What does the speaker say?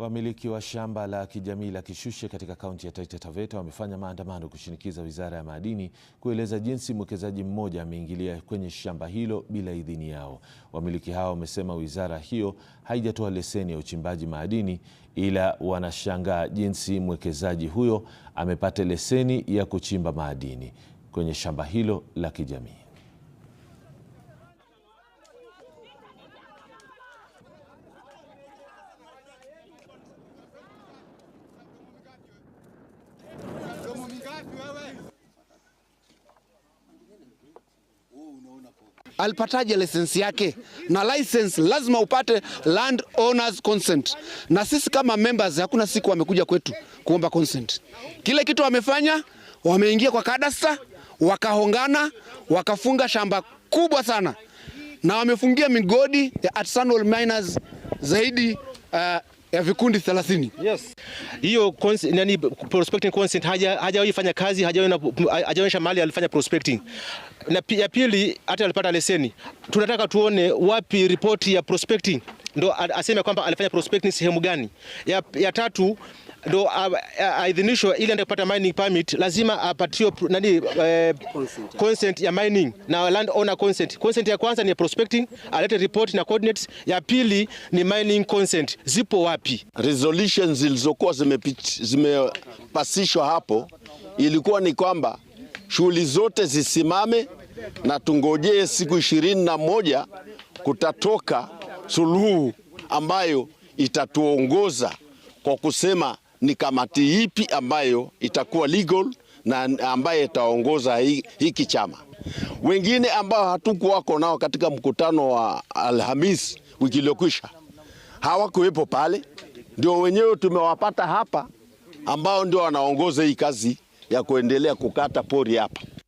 Wamiliki wa shamba la kijamii la Kishushe katika kaunti ya Taita Taveta wamefanya maandamano kushinikiza wizara ya madini kueleza jinsi mwekezaji mmoja ameingilia kwenye shamba hilo bila idhini yao. Wamiliki hao wamesema wizara hiyo haijatoa leseni ya uchimbaji madini, ila wanashangaa jinsi mwekezaji huyo amepata leseni ya kuchimba madini kwenye shamba hilo la kijamii. alipataje lisensi yake? Na license lazima upate land owners consent, na sisi kama members hakuna siku wamekuja kwetu kuomba consent. Kile kitu wamefanya, wameingia kwa kadasta, wakahongana, wakafunga shamba kubwa sana, na wamefungia migodi ya artisanal miners zaidi uh, ya vikundi 30. Yes. Hiyo nani prospecting consent hajawahi fanya kazi, hajaonyesha mali alifanya prospecting. Na ya pili hata alipata leseni. Tunataka tuone wapi ripoti ya prospecting ndo aseme kwamba alifanya prospecting sehemu gani. Ya, ya tatu ndo ah, ah, aidhinishwe ili aende kupata mining permit, lazima apatiwe nani, eh, consent. ya mining na land owner consent. Consent ya kwanza ni prospecting, alete report na coordinates. Ya pili ni mining consent, zipo wapi? Resolutions zilizokuwa zimepasishwa zime hapo ilikuwa ni kwamba shughuli zote zisimame na tungojee siku ishirini na moja kutatoka suluhu ambayo itatuongoza kwa kusema ni kamati ipi ambayo itakuwa legal na ambaye itaongoza hiki chama. Wengine ambao hatukuwako nao katika mkutano wa Alhamis wiki iliyokwisha hawakuwepo pale, ndio wenyewe tumewapata hapa, ambao ndio wanaongoza hii kazi ya kuendelea kukata pori hapa.